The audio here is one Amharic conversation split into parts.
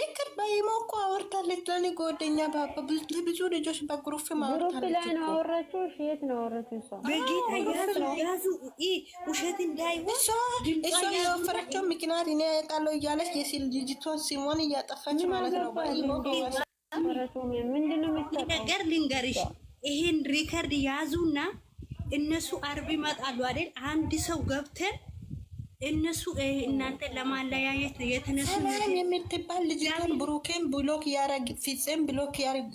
ይቅር በይሞ እኮ አወርታለች። ለኔ ጓደኛ ብዙ ልጆች በግሩፍ ማወርታለች። ግሩፕ ላይ ነው አወራችሁ? የት ነው አወራችሁ? እሷ ውሸት እንዳይሆን እሷ የወፈረችው ምክንያት እኔ ያውቃለሁ እያለች የሲል ልጅቷን ሲሞን እያጠፋች ማለት ነው። ነገር ልንገርሽ፣ ይሄን ሪከርድ ያዙና እነሱ አርብ ይመጣሉ አይደል? አንድ ሰው ገብተን እነሱ እናንተ ለማለያየት የተነሱ ሰላም የምትባል ልጅቱን ብሩኬን ብሎክ ያረግ ፊጽም ብሎክ ያረግ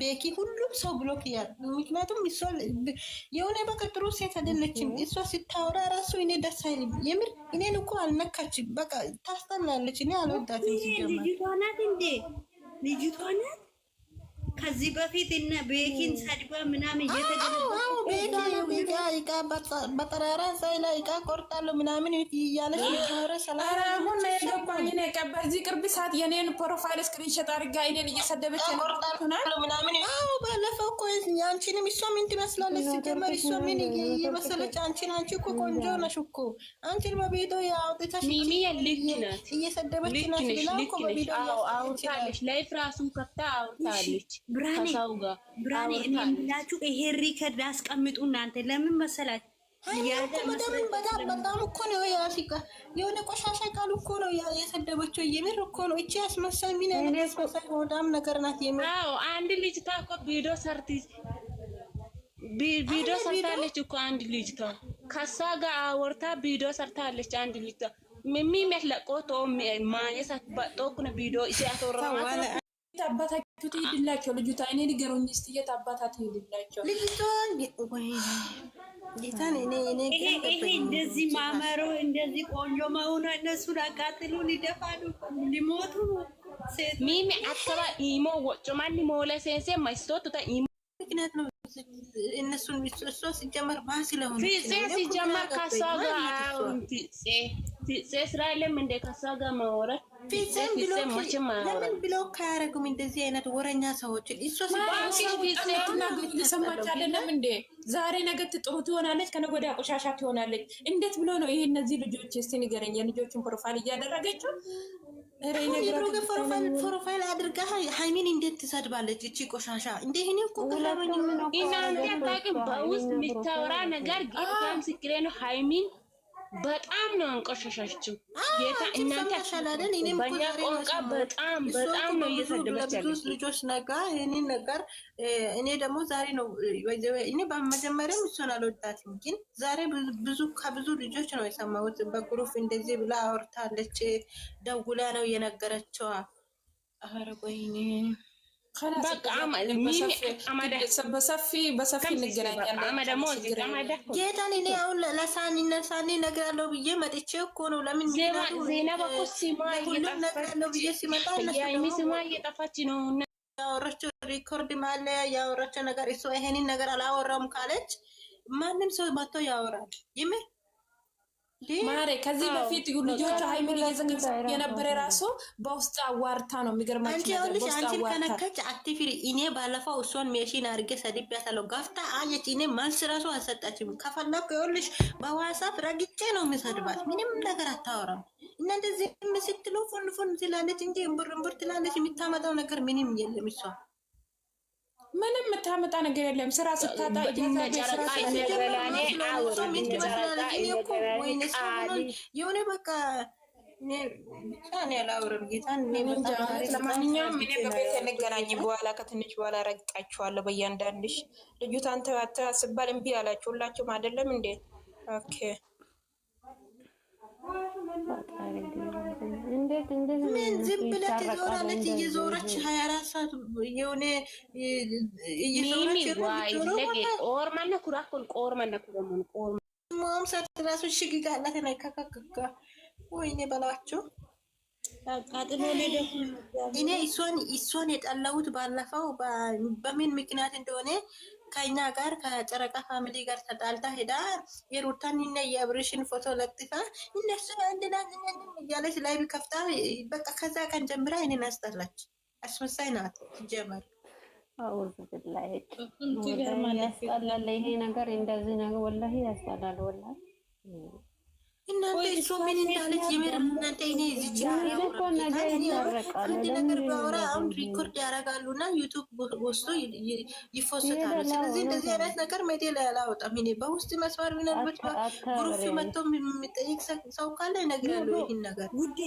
ቤኪ ሁሉም ሰው ብሎክ ያረግ። ምክንያቱም እሷ የሆነ በቃ ጥሩ ሴት አይደለችም። እሷ ሲታወራ ራሱ እኔ ደስ አይልም። የምር እኔን እኮ አልነካችም። በቃ ታስጠላለች። እኔ አልወዳትም። ልጅቷ ናት እንዴ? ልጅቷ ናት ከዚህ በፊት እነ ቤኪን ሰድባ ምናምን እየተገለቤታ እቃ በጠራራ ላይ እቃ ቆርጣለሁ ምናምን እያለች ረ ሰላሁን የገባኝ በዚህ ቅርብ ሰዓት የኔን ፕሮፋይል ስክሪንሾት አድርጋ እኔን እየሰደበች ቆርጣለሁ ምናምን እኮ አንቺንም እሷ ምን ትመስላለች? ሲጀመር እሷ ምን እየመሰለች አንቺን? አንቺ እኮ ቆንጆ ነሽ እኮ አንቺን በቪዲዮ አውጥታሽ ከፍታ አውርታለች። ይሄ ሪከርድ አስቀምጡ እናንተ ለምን መሰላችሁ መደብን በጣም በጣም እኮ ነው ያሲቃ የሆነ ቆሻሻ ቃል እኮ ነው የሰደበችው። እየምር እኮ ነው እቺ ያስመሳኝ ሚን ያስመሳኝ ወዳም ነገር ናት። የምር አዎ፣ አንድ ልጅ ታኮ ቪዲዮ ሰርት ቪዲዮ ሰርታለች እኮ አንድ ልጅ ታ ከሷ ጋር አወርታ ቪዲዮ ሰርታለች አንድ ልጅ ታ ሚሚ መለቆ ቶ ማየሳት በጦኩነ ቪዲዮ እሺ አተወራ አባታችሁ ትሄድላቸው ልጅቷ እኔ ንገሩኝ እስቲ የት አባታት ትሄድላቸው ልጅቷን ጌታን እኔ ይሄ እንደዚህ ማመሮ እንደዚህ ቆንጆ መሆኑ እነሱ ዳቃጥሉ ሊደፋሉ ሊሞቱ ሚሚ አሰባ ኢሞ ወጮ ሞለ ሴንሴ ማይስቶቱ ታ ኢሞ ምክንያት ነው። እነሱን እሷ ሲጀመር ባ ስለሆነ ፊፄ ሲጀመር ከሷ ጋር ፊፄ ስራ የለም እንደ ከሷ ጋር ማውራት ፊትም ብሎክ ለምን ብሎክ አያደርጉም? እንደዚህ አይነት ወረኛ ሰዎች እሱ እንዴ? ዛሬ ነገ ጥሩ ትሆናለች፣ ከነገ ወዲያ ቆሻሻ ትሆናለች። እንዴት ብሎ ነው ይሄ? እነዚህ ልጆች እስቲ ንገረኝ፣ የልጆችን ፕሮፋይል እያደረገችው ፕሮፋይል አድርጋ ሀይሚን እንዴት ትሰድባለች? እቺ ቆሻሻ እንደ ይህኔ ቁጥለበኝ ምን በውስጥ የሚታወራ ነገር ግን ምስክሬ ነው ሀይሚን በጣም ነው አንቆሻሻችው። ጌታ እናንተ ሻላለን እኔም በእኛ ቋንቋ በጣም በጣም ነው እየሰደበች ልጆች ነጋ ይህንን ነገር እኔ ደግሞ ዛሬ ነው እኔ በመጀመሪያም እሱን አልወዳትም፣ ግን ዛሬ ብዙ ከብዙ ልጆች ነው የሰማሁት። በግሩፍ እንደዚህ ብላ አውርታለች። ደውላ ነው የነገረችዋ። አረ ቆይ በሰፊ በሰፊ እንገናኛለን። ጌታን እኔ አሁን ለሳኒ ነሳኒ ብዬ መጥቼ እኮ ነው። ለምን እየጠፋች ነው ያወራቸው ሪኮርድ ማለ ያወራቸው ነገር ይሄንን ነገር አላወራውም ካለች ማንም ሰው መጥቶ ያወራል ይምር ማሬ ከዚህ በፊት ልጆቹ ሀይሚን እየዘገዘ የነበረ ራሱ በውስጥ አዋርታ ነው የሚገርማችሁ። አንቺን ከነከች አትፍሪ። እኔ ባለፈው እሷን ሜሽን አድርጌ ሰድቤያታለሁ። ጋፍታ አየች። እኔ መልስ ራሱ አልሰጠችም። ከፈለኩ ይኸውልሽ በዋሳብ ረግጬ ነው የሚሰድባት። ምንም ነገር አታወራም። እናንተ ዚህ ስትሉ ፉን ፉን ትላለች እንጂ እምቡር እምቡር ትላለች። የሚታመጣው ነገር ምንም የለም እሷ ምንም የምታመጣ ነገር የለም። ስራ ስታጣ የሆነ በቃ ያላውርም ጌታን። በኋላ ከትንሽ በኋላ ረግጣችኋለሁ በእያንዳንድሽ። ልጁ ታንተ ስባል እምቢ አላችሁ ሁላችሁም አይደለም እንዴ? ኦኬ ምን ዝም ብለህ ትዞራለች? እየዞረች ሀያ አራት ሰዓት የሆነ ወይኔ በላቸው። እኔ እሷን የጠላሁት ባለፈው በምን ምክንያት እንደሆነ ከኛ ጋር ከጨረቃ ፋሚሊ ጋር ተጣልታ ሄዳ የሩታን እና የአብሬሽን ፎቶ ለጥፋ እነሱ አንድ እያለች ላይ ከፍታ በቃ ከዛ ቀን ጀምራ እኔን አስጠላች። አስመሳይ ናት ጀመር አውዝ ብላይ ይሄ ነገር እንደዚህ ነገር ወላ ያስጠላል ወላ እናንተ እሱ ምን እንዳለች የምር እናንተ እኔ እዚች አንድ ነገር ባወራ አሁን ሪኮርድ ያደርጋሉ እና ዩቱብ ወስዶ ይፎሰታሉ። ስለዚህ እንደዚህ አይነት ነገር መቴ ላይ አላወጣም። እኔ በውስጥ መስመር ቢነርበት ግሩፕ መጥቶ የሚጠይቅ ሰው ካለ እነግራለሁ። ይህን ነገር ውዴ፣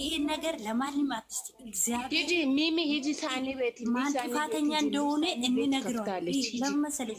ይሄን ነገር ለማንም አትስጥ። እግዚአብሔር ሚሚ ሂጂ ሳኒ ቤት ማን ጥፋተኛ እንደሆነ እንነግረዋል። ለምን መሰለሽ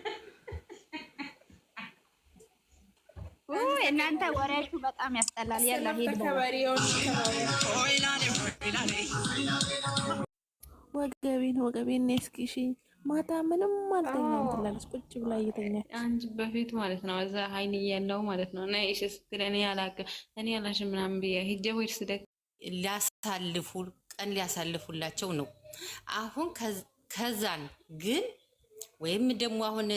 እናንተ ወሬያችሁ በጣም ያስጠላል። ያለ ሄድ ወገቤን ወገቤን እስኪ ማታ ምንም አልተኛም ትላለች ቁጭ ብላ እየተኛች አንቺ በፊት ማለት ነው። እዛ ሀይል እያለው ማለት ነው እና እሺ ስትል እኔ አላቅ እኔ አላሽ ምናምን ብያ ሂጄ ወይ ስደግ ሊያሳልፉ ቀን ሊያሳልፉላቸው ነው አሁን ከዛን ግን ወይም ደግሞ አሁን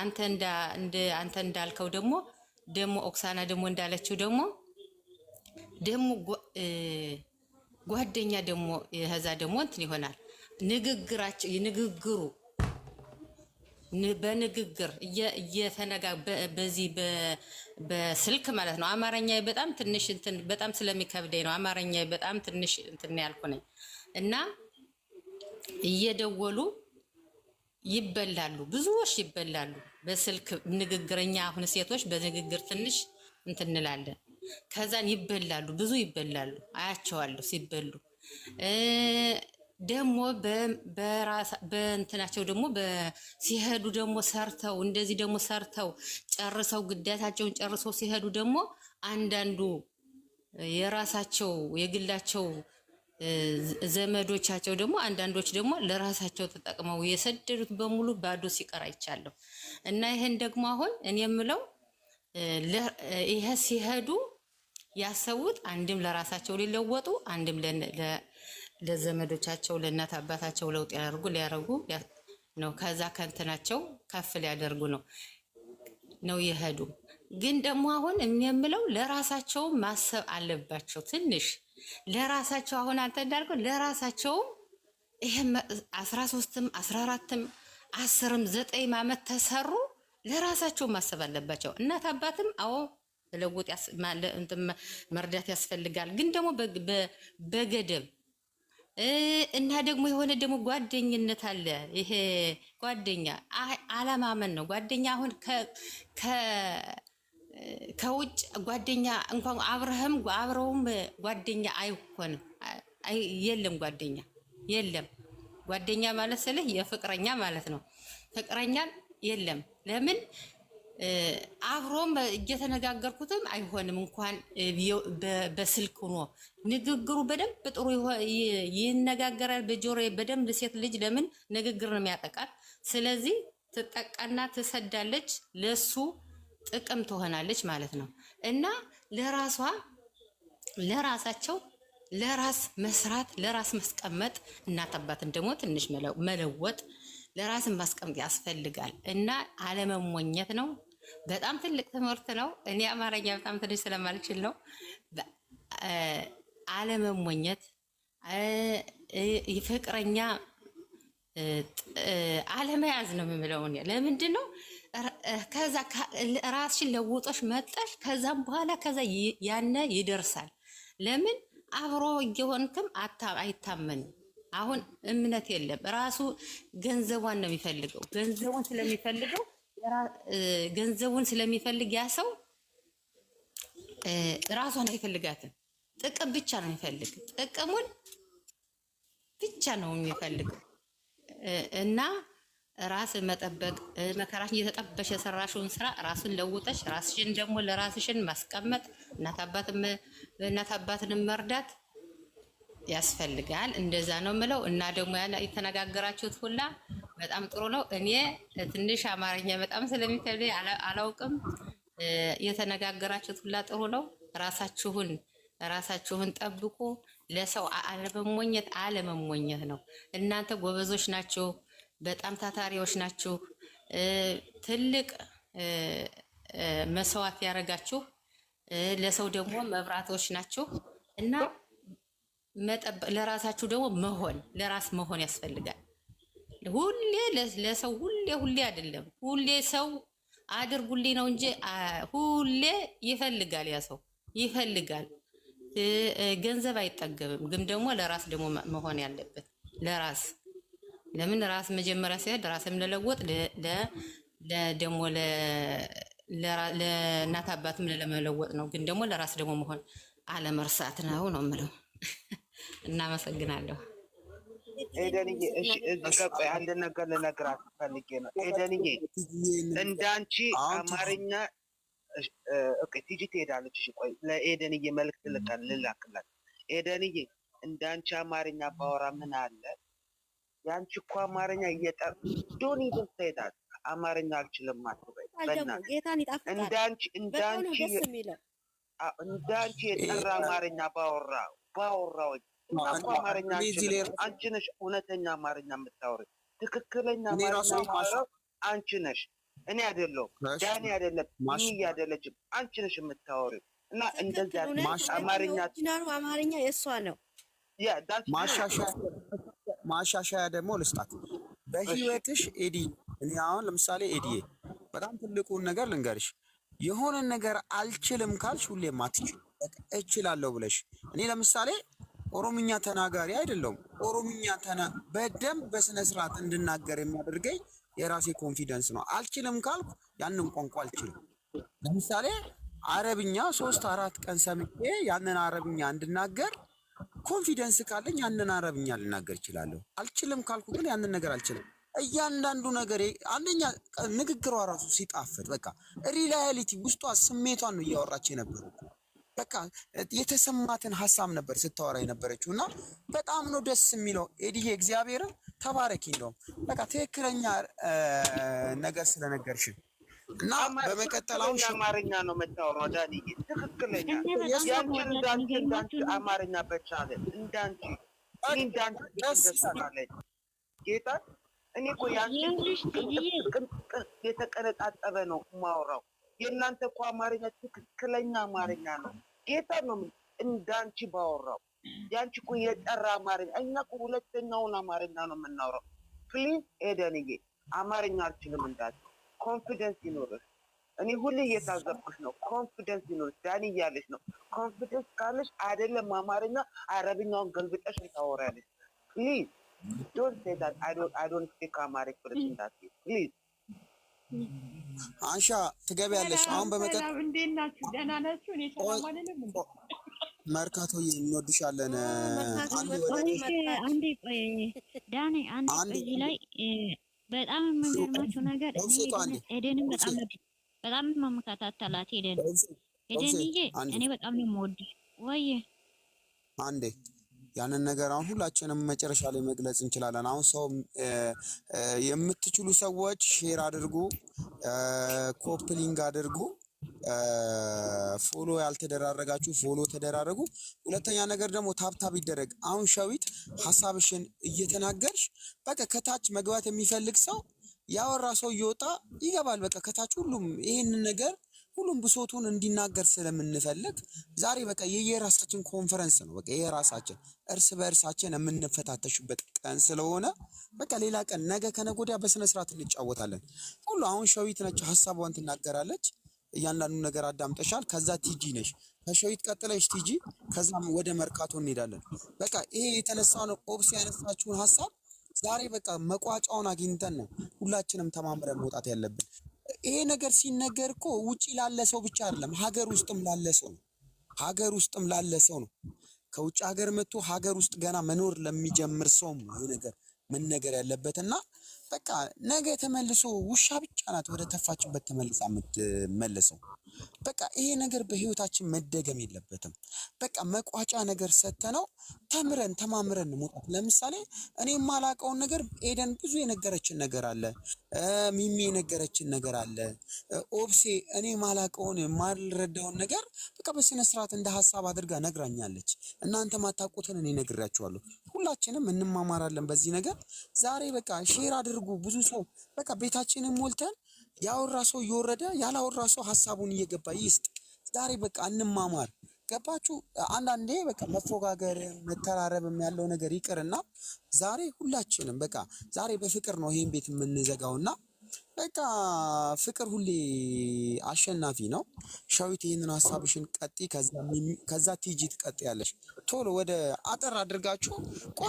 አንተ አንተ እንዳልከው ደግሞ ደግሞ ኦክሳና ደግሞ እንዳለችው ደግሞ ደግሞ ጓደኛ ደግሞ ከዛ ደግሞ እንትን ይሆናል ንግግራቸው ንግግሩ በንግግር እየተነጋ በዚህ በስልክ ማለት ነው። አማርኛ በጣም ትንሽ እንትን በጣም ስለሚከብደኝ ነው። አማርኛ በጣም ትንሽ እንትን ያልኩ ነኝ እና እየደወሉ ይበላሉ፣ ብዙዎች ይበላሉ። በስልክ ንግግርኛ አሁን ሴቶች በንግግር ትንሽ እንትን እንላለን። ከዛን ይበላሉ፣ ብዙ ይበላሉ። አያቸዋለሁ ሲበሉ ደግሞ በእንትናቸው ደግሞ ሲሄዱ ደግሞ ሰርተው እንደዚህ ደግሞ ሰርተው ጨርሰው ግዳታቸውን ጨርሰው ሲሄዱ ደግሞ አንዳንዱ የራሳቸው የግላቸው ዘመዶቻቸው ደግሞ አንዳንዶች ደግሞ ለራሳቸው ተጠቅመው የሰደዱት በሙሉ ባዶ ሲቀር አይቻለሁ። እና ይሄን ደግሞ አሁን እኔ የምለው ይህ ሲሄዱ ያሰቡት አንድም ለራሳቸው ሊለወጡ አንድም ለዘመዶቻቸው ለእናት አባታቸው ለውጥ ያደርጉ ሊያደርጉ ነው። ከዛ ከንትናቸው ከፍ ሊያደርጉ ነው ነው ይሄዱ። ግን ደግሞ አሁን የምለው ለራሳቸው ማሰብ አለባቸው ትንሽ ለራሳቸው አሁን አንተ እንዳልኩ ለራሳቸውም ይሄ አስራ ሶስትም አስራ አራትም አስርም ዘጠኝ ዓመት ተሰሩ ለራሳቸው ማሰብ አለባቸው። እናት አባትም አዎ ለውጥ መርዳት ያስፈልጋል፣ ግን ደግሞ በገደብ እና ደግሞ የሆነ ደግሞ ጓደኝነት አለ። ይሄ ጓደኛ አለማመን ነው ጓደኛ አሁን ከውጭ ጓደኛ እንኳን አብረህም አብረውም ጓደኛ አይሆንም። የለም ጓደኛ የለም። ጓደኛ ማለት ስልህ የፍቅረኛ ማለት ነው። ፍቅረኛን የለም። ለምን አብሮም እየተነጋገርኩትም አይሆንም። እንኳን በስልክ ሆኖ ንግግሩ በደንብ ጥሩ ይነጋገራል። በጆሮ በደንብ ሴት ልጅ ለምን ንግግር ነው የሚያጠቃል? ስለዚህ ትጠቃና ትሰዳለች ለሱ ጥቅም ትሆናለች ማለት ነው እና ለራሷ ለራሳቸው ለራስ መስራት ለራስ ማስቀመጥ እናት አባትን ደግሞ ትንሽ መለወጥ ለራስን ማስቀመጥ ያስፈልጋል እና አለመሞኘት ነው። በጣም ትልቅ ትምህርት ነው። እኔ አማርኛ በጣም ትንሽ ስለማልችል ነው። አለመሞኘት፣ ፍቅረኛ አለመያዝ ነው የምለው። ለምንድን ነው ከዛ ራስሽን ለውጦሽ መጠሽ ከዛም በኋላ ከዛ ያነ ይደርሳል። ለምን አብሮ እየሆንክም አይታመንም። አሁን እምነት የለም። ራሱ ገንዘቧን ነው የሚፈልገው። ገንዘቡን ስለሚፈልገው ገንዘቡን ስለሚፈልግ ያ ሰው ራሷን አይፈልጋትም። ጥቅም ብቻ ነው የሚፈልግ። ጥቅሙን ብቻ ነው የሚፈልገው እና ራስ መጠበቅ መከራሽን እየተጠበሽ የሰራሽውን ስራ ራስን ለውጠሽ ራስሽን ደግሞ ለራስሽን ማስቀመጥ እናት አባትንም መርዳት ያስፈልጋል። እንደዛ ነው ምለው እና ደግሞ የተነጋገራችሁት ሁላ በጣም ጥሩ ነው። እኔ ትንሽ አማርኛ በጣም ስለሚከብደኝ አላውቅም። የተነጋገራችሁት ሁላ ጥሩ ነው። ራሳችሁን ራሳችሁን ጠብቁ። ለሰው አለመሞኘት አለመሞኘት ነው። እናንተ ጎበዞች ናችሁ። በጣም ታታሪዎች ናችሁ። ትልቅ መስዋዕት ያደረጋችሁ ለሰው ደግሞ መብራቶች ናችሁ እና ለራሳችሁ ደግሞ መሆን ለራስ መሆን ያስፈልጋል። ሁሌ ለሰው ሁሌ ሁሌ አይደለም ሁሌ ሰው አድርጉልኝ ነው እንጂ ሁሌ ይፈልጋል፣ ያ ሰው ይፈልጋል። ገንዘብ አይጠገብም፣ ግን ደግሞ ለራስ ደግሞ መሆን ያለበት ለራስ ለምን ራስ መጀመሪያ ሲሄድ ራስም ለለወጥ ደግሞ ለእናት አባትም ለመለወጥ ነው። ግን ደግሞ ለራስ ደግሞ መሆን አለመርሳት ነው ነው የምለው። እናመሰግናለሁ። ኤደንዬ እሺ፣ እዚህ ጋር ቆይ አንድ ነገር ልነግራት ፈልጌ ነው። ኤደንዬ እንዳንቺ አማርኛ ቲጂ ትሄዳለች። እሺ፣ ቆይ ለኤደንዬ መልዕክት ልላክላት። ኤደንዬ እንዳንቺ አማርኛ ባወራ ምን አለ የአንቺ እኮ አማርኛ እየጠር ዶኒ ይደስተይታት አማርኛ አልችልም አትበይ። እንዳንቺ እንዳንቺ እንዳንቺ የጠራ አማርኛ ባወራ ባወራዎች እኮ አማርኛ አልችልም። አንቺ ነሽ እውነተኛ አማርኛ የምታወሪ ትክክለኛ አማርኛ አንቺ ነሽ፣ እኔ አይደለሁም፣ ዳኒ አይደለም፣ ሚዬ አይደለችም። አንቺ ነሽ የምታወሪ እና እንደዚያ አማርኛ አማርኛ የእሷ ነው ማሻሻል ማሻሻያ ደግሞ ልስጣት በህይወትሽ ኤዲ እኔ አሁን ለምሳሌ ኤዲዬ በጣም ትልቁን ነገር ልንገርሽ የሆነ ነገር አልችልም ካልሽ ሁሌ አትችል እችላለሁ ብለሽ እኔ ለምሳሌ ኦሮምኛ ተናጋሪ አይደለሁም ኦሮምኛ ተና በደንብ በስነ ስርዓት እንድናገር የሚያደርገኝ የራሴ ኮንፊደንስ ነው አልችልም ካልኩ ያንን ቋንቋ አልችልም ለምሳሌ አረብኛ ሶስት አራት ቀን ሰምቼ ያንን አረብኛ እንድናገር ኮንፊደንስ ካለኝ ያንን አረብኛ ልናገር እችላለሁ። አልችልም ካልኩ ግን ያንን ነገር አልችልም። እያንዳንዱ ነገር አንደኛ ንግግሯ ራሱ ሲጣፍጥ በቃ ሪላያሊቲ ውስጧ ስሜቷን ነው እያወራች የነበሩ በቃ የተሰማትን ሀሳብ ነበር ስታወራ የነበረችው እና በጣም ነው ደስ የሚለው። ኤዲዬ እግዚአብሔርን ተባረኪ። እንደውም በቃ ትክክለኛ ነገር ስለነገርሽን እና በመቀጠል አሁን አማርኛ ነው የምታወራው ዳኒ ትክክለኛ እንዳንቺ እንዳንቺ አማርኛ በቻለ እንዳንቺ እንዳንቺ ጌታ እኔ እኮ የተቀነጣጠበ ነው የማወራው የእናንተ እኮ አማርኛ ትክክለኛ አማርኛ ነው ጌታ ነው እንዳንቺ ባወራው ያንቺ እኮ የጠራ አማርኛ እኛ እኮ ሁለተኛውን አማርኛ ነው የምናወራው ፕሊዝ ኤደንዬ አማርኛ አልችልም እንዳንቺ ኮንፊደንስ ይኖርሽ። እኔ ሁሌ እየታዘብኩሽ ነው። ኮንፊደንስ ይኖርሽ ዳኒ እያለሽ ነው። ኮንፊደንስ ካለሽ አይደለም አማርኛ አረብኛውን ገልብጠሽ ታወሪያለሽ። ፕሊዝ ዶንት ሴይ ዳት አይ ዶንት ስፒክ አማሪክ ብለሽ እንዳትዪ ፕሊዝ። አንሻ ትገቢያለሽ። አሁን በመቀጠል እንዴት ናችሁ? ደህና ናችሁ? እኔ ሰላም አይደለም መርካቶ እንወድሻለን። አንዴ ቆይ ዳኒ፣ አንዴ እዚህ ላይ በጣም የምንገርማችሁ ነገር ኤደንን በጣም በጣም መመከታተላት ኤደን ኤደንዬ፣ እኔ በጣም ነው የምወድ ወይ አንዴ ያንን ነገር አሁን ሁላችንም መጨረሻ ላይ መግለጽ እንችላለን። አሁን ሰው የምትችሉ ሰዎች ሼር አድርጉ፣ ኮፕሊንግ አድርጉ። ፎሎ ያልተደራረጋችሁ ፎሎ ተደራረጉ። ሁለተኛ ነገር ደግሞ ታብታብ ይደረግ። አሁን ሸዊት ሀሳብሽን እየተናገርሽ በቃ ከታች መግባት የሚፈልግ ሰው ያወራ ሰው እየወጣ ይገባል። በቃ ከታች ሁሉም ይህንን ነገር ሁሉም ብሶቱን እንዲናገር ስለምንፈልግ ዛሬ በቃ የየራሳችን ኮንፈረንስ ነው። በቃ የየራሳችን እርስ በእርሳችን የምንፈታተሽበት ቀን ስለሆነ በቃ ሌላ ቀን ነገ ከነጎዳ በስነስርዓት እንጫወታለን። ሁሉ አሁን ሸዊት ነች፣ ሀሳቧን ትናገራለች። እያንዳንዱ ነገር አዳምጠሻል። ከዛ ቲጂ ነሽ፣ ከሸዊት ቀጥለሽ ቲጂ፣ ከዛም ወደ መርካቶ እንሄዳለን። በቃ ይሄ የተነሳውን ኦብስ ያነሳችሁን ሀሳብ ዛሬ በቃ መቋጫውን አግኝተን ነው ሁላችንም ተማምረን መውጣት ያለብን። ይሄ ነገር ሲነገር እኮ ውጭ ላለ ሰው ብቻ አይደለም፣ ሀገር ውስጥም ላለ ሰው ነው። ሀገር ውስጥም ላለ ሰው ነው። ከውጭ ሀገር መጥቶ ሀገር ውስጥ ገና መኖር ለሚጀምር ሰውም ይሄ ነገር መነገር ያለበትና በቃ ነገ ተመልሶ ውሻ ብቻ ናት ወደ ተፋችበት ተመልሳ የምትመለሰው። በቃ ይሄ ነገር በህይወታችን መደገም የለበትም። በቃ መቋጫ ነገር ሰተነው ተምረን ተማምረን መውጣት። ለምሳሌ እኔ የማላውቀውን ነገር ኤደን ብዙ የነገረችን ነገር አለ፣ ሚሚ የነገረችን ነገር አለ፣ ኦብሴ እኔ ማላውቀውን የማልረዳውን ነገር በቃ በስነ ስርዓት እንደ ሀሳብ አድርጋ ነግራኛለች። እናንተ ማታውቁትን እኔ ነግራችኋለሁ። ሁላችንም እንማማራለን በዚህ ነገር ዛሬ በቃ ሼር አድርጉ። ብዙ ሰው በቃ ቤታችንን ሞልተን ያወራ ሰው እየወረደ ያላወራ ሰው ሀሳቡን እየገባ ይስጥ። ዛሬ በቃ እንማማር። ገባችሁ? አንዳንዴ በቃ መፎጋገር መተራረብም ያለው ነገር ይቅርና ዛሬ ሁላችንም በቃ ዛሬ በፍቅር ነው ይህን ቤት የምንዘጋውና በቃ ፍቅር ሁሌ አሸናፊ ነው። ሻዊት ይህንን ሀሳብሽን ቀጢ፣ ከዛ ቲጂ ትቀጥ ያለሽ ቶሎ ወደ አጠር አድርጋችሁ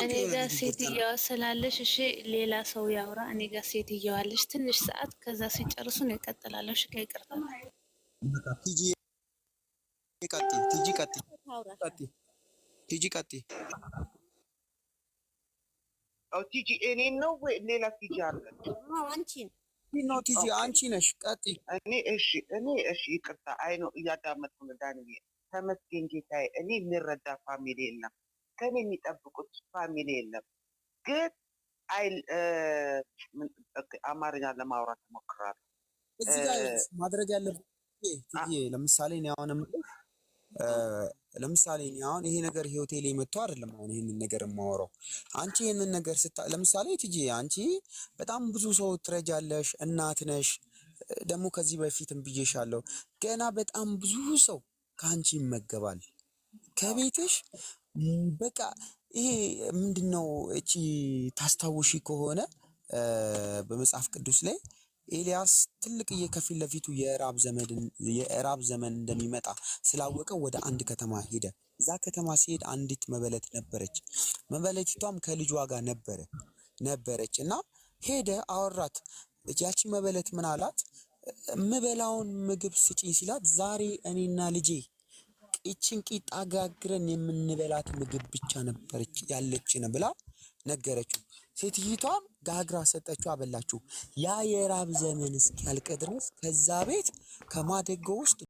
እኔ ጋር ሴትዮዋ ስላለሽ፣ እሺ ሌላ ሰው ያውራ። እኔ ጋር ሴትዮዋ አለሽ ትንሽ ሰዓት፣ ከዛ ሲጨርሱ ነው ይቀጥላለሁ። እሺ ከይቅርታ ቲጂ ቀጢ፣ ቲጂ ቀጢ፣ ቲጂ ቀጢ። ቲጂ እኔን ነው ወይ ሌላ ቲጂ አለ? አንቺን ነው አንቺ ነሽ ቀጥይ። እኔ እሺ፣ እኔ እሺ፣ ይቅርታ። አይ ነው እያዳመጥኩ ነው ዳንዬ። ተመስገን ጌታዬ። እኔ የሚረዳ ፋሚሊ የለም፣ ከኔ የሚጠብቁት ፋሚሊ የለም። ግን አይ አማርኛ ለማውራት እሞክራለሁ። እዚህ ጋር ማድረግ ያለብህ ለምሳሌ እኔ አሁን ለምሳሌ እኔ አሁን ይሄ ነገር ህይወቴ ላይ መጥቶ አይደለም አሁን ይሄንን ነገር የማወራው። አንቺ ይሄንን ነገር ስታ ለምሳሌ ትጂ አንቺ በጣም ብዙ ሰው ትረጃለሽ፣ እናት ነሽ። ደግሞ ከዚህ በፊትም ብዬሻለሁ፣ ገና በጣም ብዙ ሰው ከአንቺ ይመገባል ከቤትሽ በቃ ይሄ ምንድነው? እቺ ታስታውሺ ከሆነ በመጽሐፍ ቅዱስ ላይ ኤልያስ ትልቅዬ ከፊት ለፊቱ የእራብ ዘመን እንደሚመጣ ስላወቀ ወደ አንድ ከተማ ሄደ። እዛ ከተማ ሲሄድ አንዲት መበለት ነበረች። መበለቲቷም ከልጇ ጋር ነበረ ነበረች እና ሄደ አወራት። ያቺ መበለት ምን አላት? ምበላውን ምግብ ስጪኝ ሲላት ዛሬ እኔና ልጄ ይችን ቂጣ ጋግረን የምንበላት ምግብ ብቻ ነበረች ያለችን ብላ ነገረችው። ሴትይቷም ጋግራ ሰጠችው፣ አበላችሁ። ያ የራብ ዘመን እስኪያልቅ ድረስ ከዛ ቤት ከማደጎ ውስጥ